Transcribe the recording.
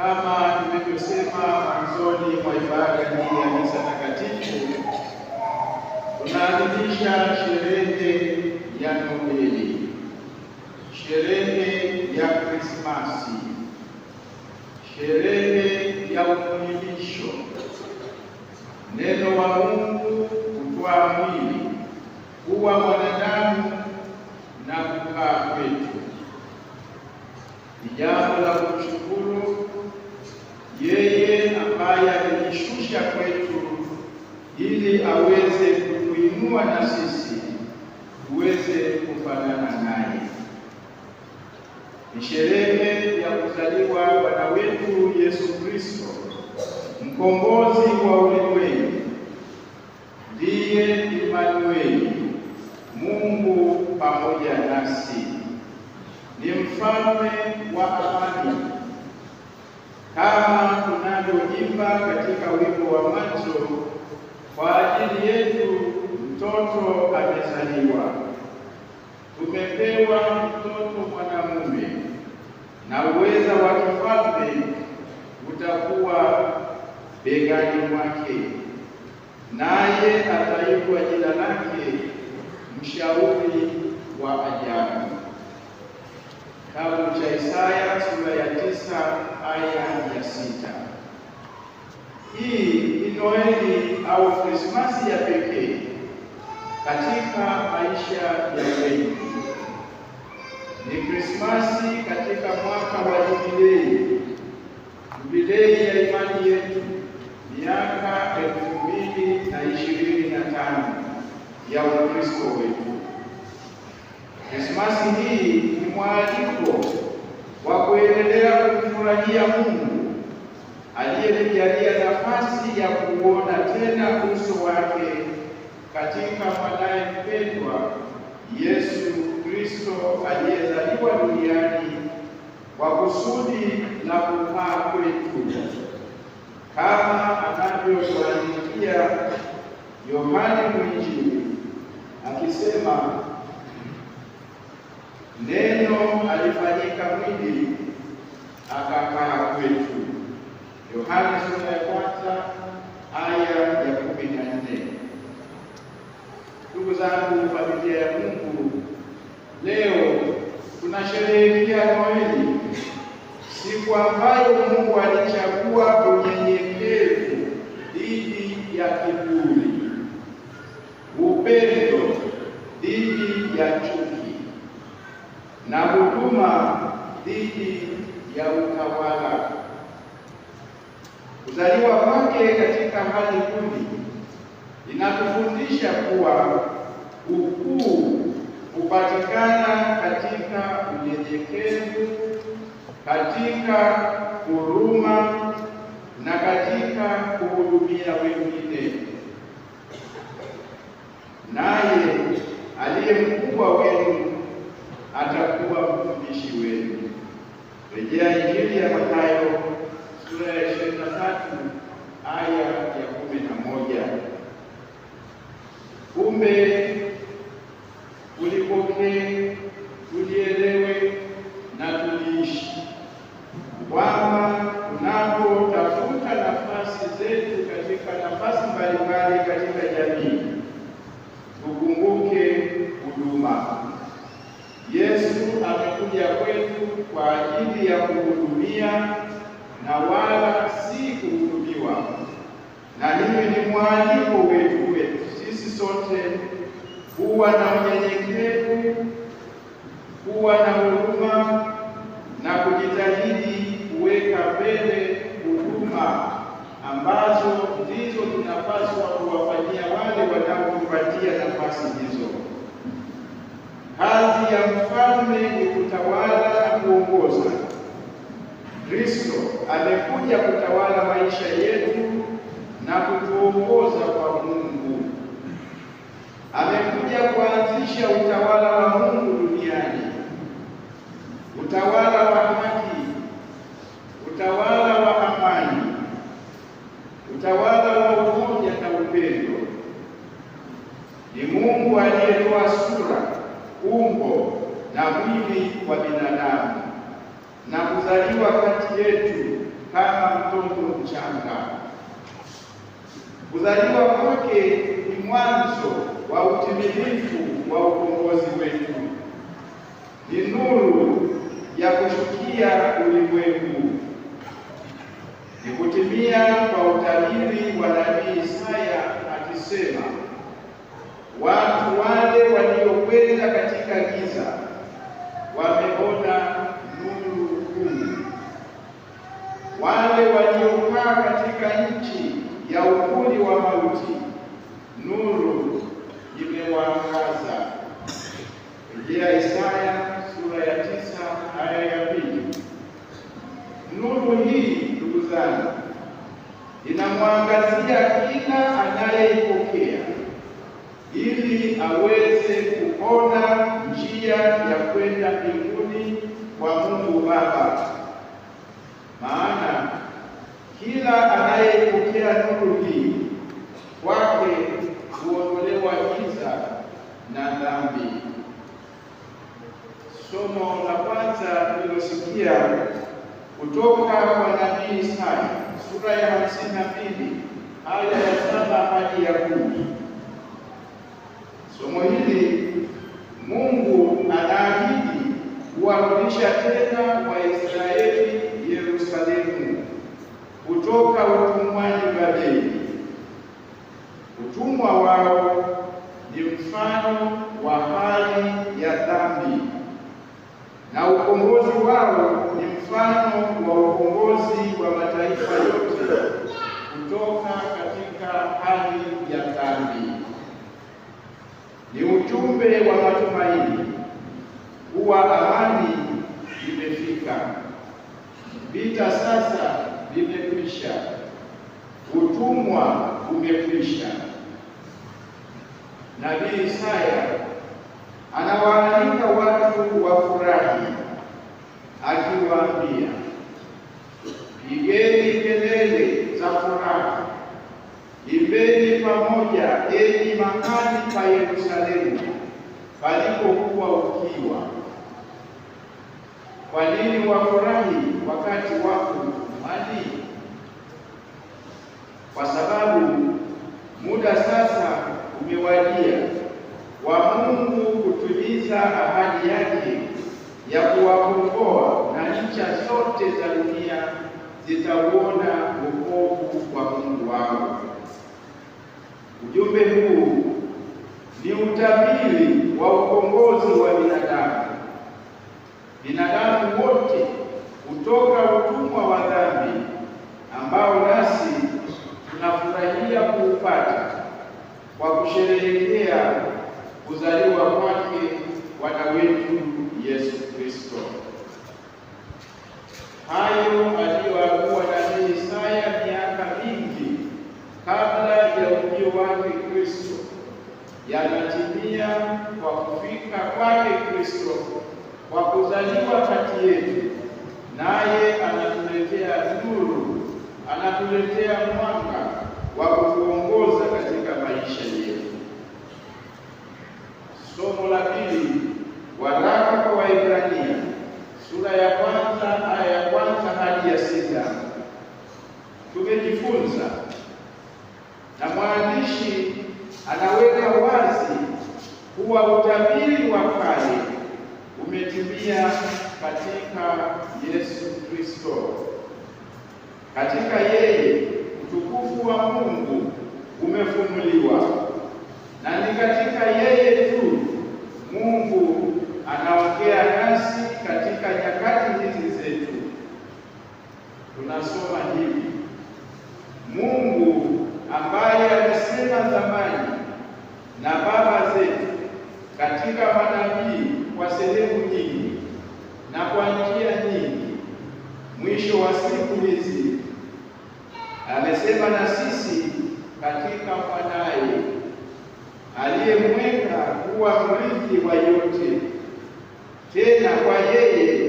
Kama tulivyosema mwanzoni mwa ibada hii ya misa takatifu, tunaadhimisha sherehe ya Noeli, sherehe ya Krismasi, sherehe ya ufunulisho, neno wa Mungu kutwaa mwili, kuwa mwanadamu na kukaa kwetu, ni jambo la yeye ambaye alijishusha kwetu ili aweze kutuinua na sisi tuweze kufanana naye. Ni sherehe ya kuzaliwa Bwana wetu Yesu Kristo, mkombozi wa ulimwengu. Ndiye Imanueli, Mungu pamoja nasi. Ni mfalme wa amani kama anavyoimba katika wimbo wa mwanzo, kwa ajili yetu mtoto amezaliwa, tumepewa mtoto mwanamume, na uweza wa kifalme utakuwa begani mwake, naye ataitwa jina lake mshauri wa ajabu. Kitabu cha Isaya sura ya tisa aya ya sita. Hii ni Noeli au Krismasi ya pekee katika maisha ya wengi. Ni Krismasi katika mwaka wa jubilei, jubilei ya imani yetu, miaka elfu mbili na ishirini na tano ya Ukristo wetu. Krismasi hii ni mwaliko wa kuendelea kumfurahia Mungu aliyenijalia nafasi ya kuona tena uso wake katika mwanaye mpendwa Yesu Kristo aliyezaliwa duniani kwa kusudi la kupaa kwetu, kama anavyotuandikia Yohane Mwinjili akisema, neno alifanyika mwili akakaa kwetu Yohana sura ya kwanza aya ya kumi na nne. Ndugu zangu, familia ya Mungu, leo tunasherehekea Noeli, siku ambayo Mungu alichagua unyenyekevu dhidi ya kiburi, upendo dhidi ya chuki, na huduma dhidi ya utawala Kuzaliwa kwake katika hali duni inatufundisha kuwa ukuu hupatikana katika unyenyekevu, katika huruma na katika kuhudumia wengine. Naye aliye mkubwa wenu atakuwa mtumishi wenu. Rejea Injili ya Mathayo sura ya ishirini na tatu aya ya kumi na moja. Kumbe tulipokee, tulielewe na tuliishi kwamba tunapotafuta nafasi zetu katika nafasi mbalimbali katika jamii tukumbuke huduma. Yesu amekuja kwetu kwa ajili ya kuhudumia na wala si kuhutubiwa, na hili ni mwaliko wetu wetu sisi sote kuwa na unyenyekevu, kuwa na huruma na kujitahidi kuweka mbele huduma ambazo ndizo tunapaswa kuwafanyia wale wanaotupatia nafasi hizo. Kazi ya mfalme ni kutawala na kuongoza. Kristo amekuja kutawala maisha yetu na kutuongoza kwa Mungu. Amekuja kuanzisha utawala wa Mungu duniani, utawala wa haki, utawala wa amani, utawala wa umoja na upendo. Ni Mungu aliyetoa sura, umbo na mwili wa binadamu na kuzaliwa kati yetu kama mtoto mchanga. Kuzaliwa kwake ni mwanzo wa utimilifu wa ukombozi wetu, ni nuru ya kushukia ulimwengu, ni kutimia kwa utabiri wa nabii Isaya akisema, watu wale waliokwenda katika giza wameona nuru wale waliokaa katika nchi ya ukuli wa mauti, nuru imewaangaza. Rejea Isaya sura ya tisa aya ya pili. Nuru hii ndugu zangu, inamwangazia kila anayeipokea ili aweze kuona njia ya kwenda mbinguni kwa Mungu Baba. Kila anayepokea nuru hii kwake huondolewa giza na dhambi. Somo la kwanza tulilosikia kutoka kwa nabii Isaya sura ya hamsini na mbili aya ya saba hadi ya kumi. Somo hili Mungu anaahidi kuwarudisha tena kwa kuepuka utumwaji wa deni. Utumwa wao ni mfano wa hali ya dhambi na ukombozi wao ni mfano wa ukombozi wa mataifa yote kutoka katika hali ya dhambi. Ni ujumbe wa matumaini utumwa umekwisha. Nabii Isaya anawaalika watu wafurahi akiwaambia, pigeni kelele za furaha, imbeni pamoja, enyi mahali pa Yerusalemu palipokuwa ukiwa. Kwa nini wafurahi wakati wako mali kwa sababu muda sasa umewadia wa Mungu kutimiza ahadi yake ya kuwakomboa, na ncha zote za dunia zitauona wokovu wa Mungu wao. Ujumbe huu ni utabiri wa ukombozi wa binadamu. Binadamu wote kutoka utumwa wa dhambi ambao nasi tunafurahia kuupata kwa kusherehekea kuzaliwa kwake Bwana wetu Yesu Kristo. Hayo aliyokuwa nabii Isaya miaka mingi kabla ya ujio wake Kristo yanatimia kwa kufika kwake Kristo, kwa kuzaliwa kati yetu, naye anatuletea nuru, anatuletea mwanga kuwa utabiri wa kale umetimia katika Yesu Kristo. Katika yeye utukufu wa Mungu umefunuliwa, na ni katika yeye tu Mungu anaongea nasi katika nyakati hizi zetu. Tunasoma hivi: wa siku hizi amesema na sisi katika Mwanai aliyemweka kuwa mrithi wa yote, tena kwa yeye